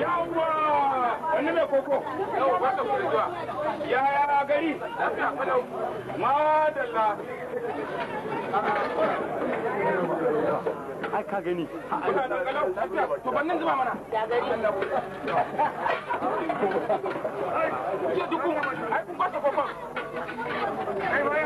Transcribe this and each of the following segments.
yawwa wani mai koko gari ai ka gani to bannin zuba mana ya gari ai kun kokon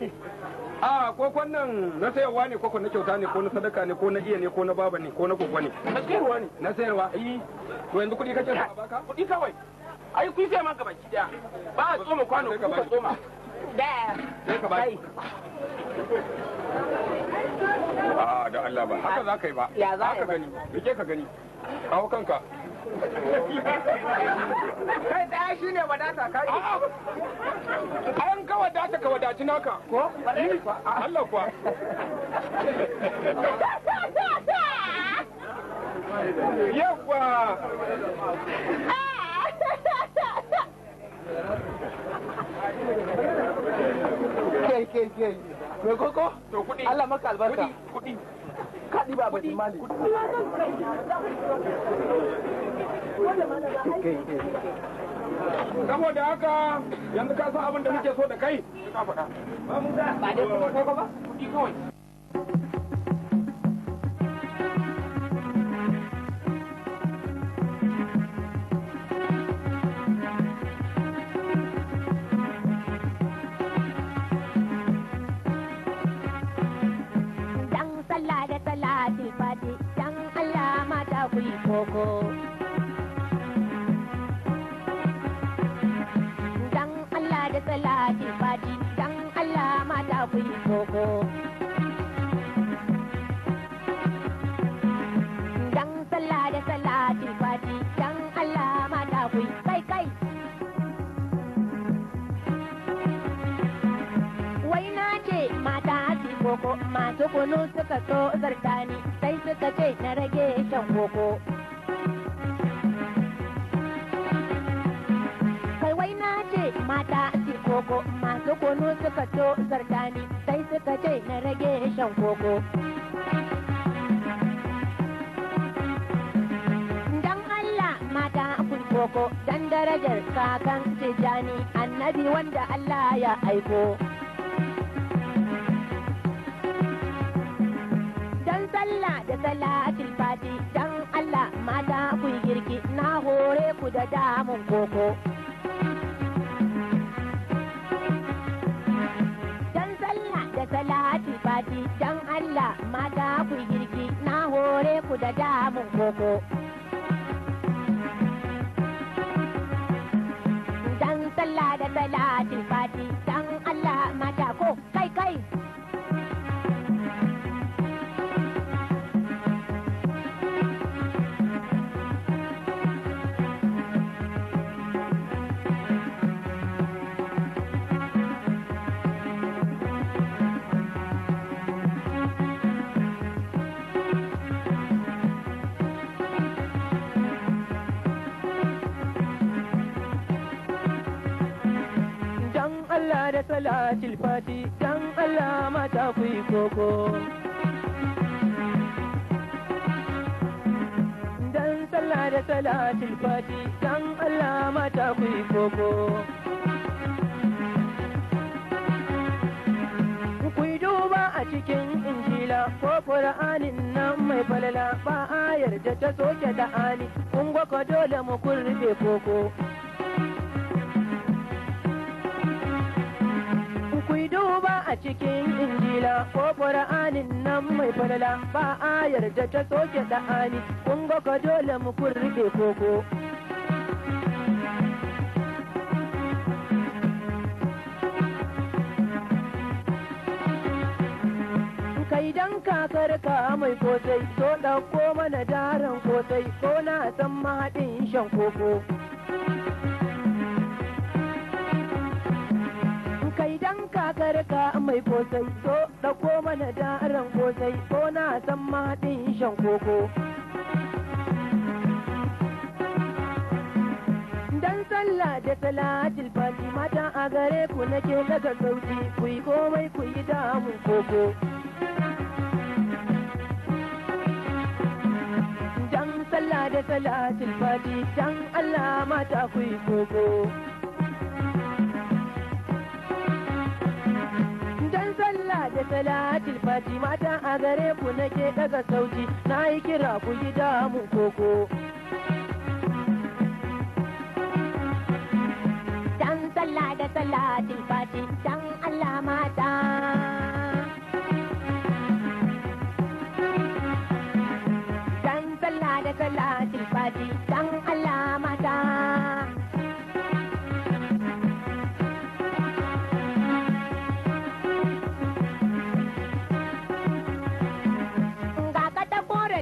ake a ko kwannan na sayarwa ne ko na kyauta ne ko na sadaka ne ko na iya ne ko na baba ne ko na ne na sayarwa ne na sayarwa yi eh. to yanzu ka baka kuɗi kawai ai kun sai ba a tsoma kwano ko ka tsoma da sai ka bai a ah, da Allah ba haka za ka ba gani rike ka gani kawo kanka kai tsaya shi ne wadata kai an ka wadata ka wadaci naka ko Allah kuwa yawa kai kai kai koko Allah maka albarka kuɗi ba batin mali saboda haka yanzu ka san abin da so da kai ka faɗa ba dai ba kawai la dogo dan Allah da salati fati dan Allah mata ku yi koko dan sallah da salati fati dan Allah mata ku yi kai kai wai na ce mata su koko masu kunu suka so zartani sai suka ce na rage shan koko. koko masu kunu suka to zartani sai suka ce na rage shan koko dan Allah mata kun koko dan darajar kakan tijani annabi wanda Allah ya aiko dan sallah da salatul fati dan Allah mata ku girki na hore ku da damun koko fati fati dan Allah mata ku girki na hore ku da damun koko. Dan sallah da salatin fati dan Allah tilfati dan Allah mata ku koko. Dan sallah da salatul fati dan Allah mata ku koko. Ku duba a cikin injila ko Qur'anin nan mai falala ba ayar da ta soke da ani kun dole mu kurbe koko. a cikin injila ko qur'anin nan mai falala ba ayar da ta soke da'ani kun ga ka dole mu kun rike koko. idan kakar ka mai kosai so ɗauko mana daren kosai ko na san mahaɗin shan koko. garka mai kosai so ɗauko mana da ran kosai ko na san maɗin shan koko. Dan sallah da salatul fati mata a gare ku nake daga sauti ku yi komai ku yi damun koko. Dan sallah da salatul fati dan Allah mata ku yi koko. salatil fati mata a gare ku nake daga sauti na yi kira ku yi damu koko dan sallah da salatil fati dan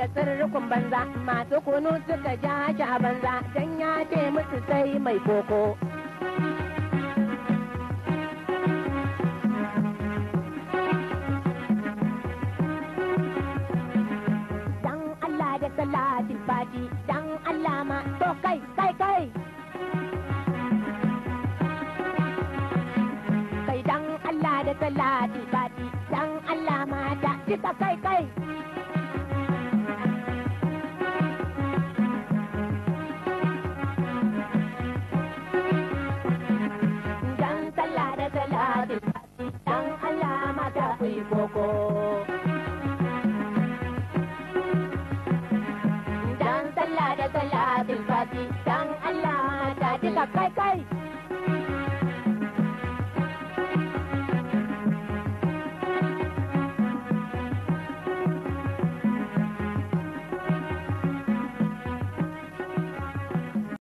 da tsirrukun banza masu kunu suka ja shi a banza don ya ce musu sai mai koko. Dan Allah da salatin fati dan Allah ma to kai kai kai. Kai dan Allah da salatin fati dan Allah ma da duka kai kai. boko dan sallah da salatin fati dan Allah ta duka kai kai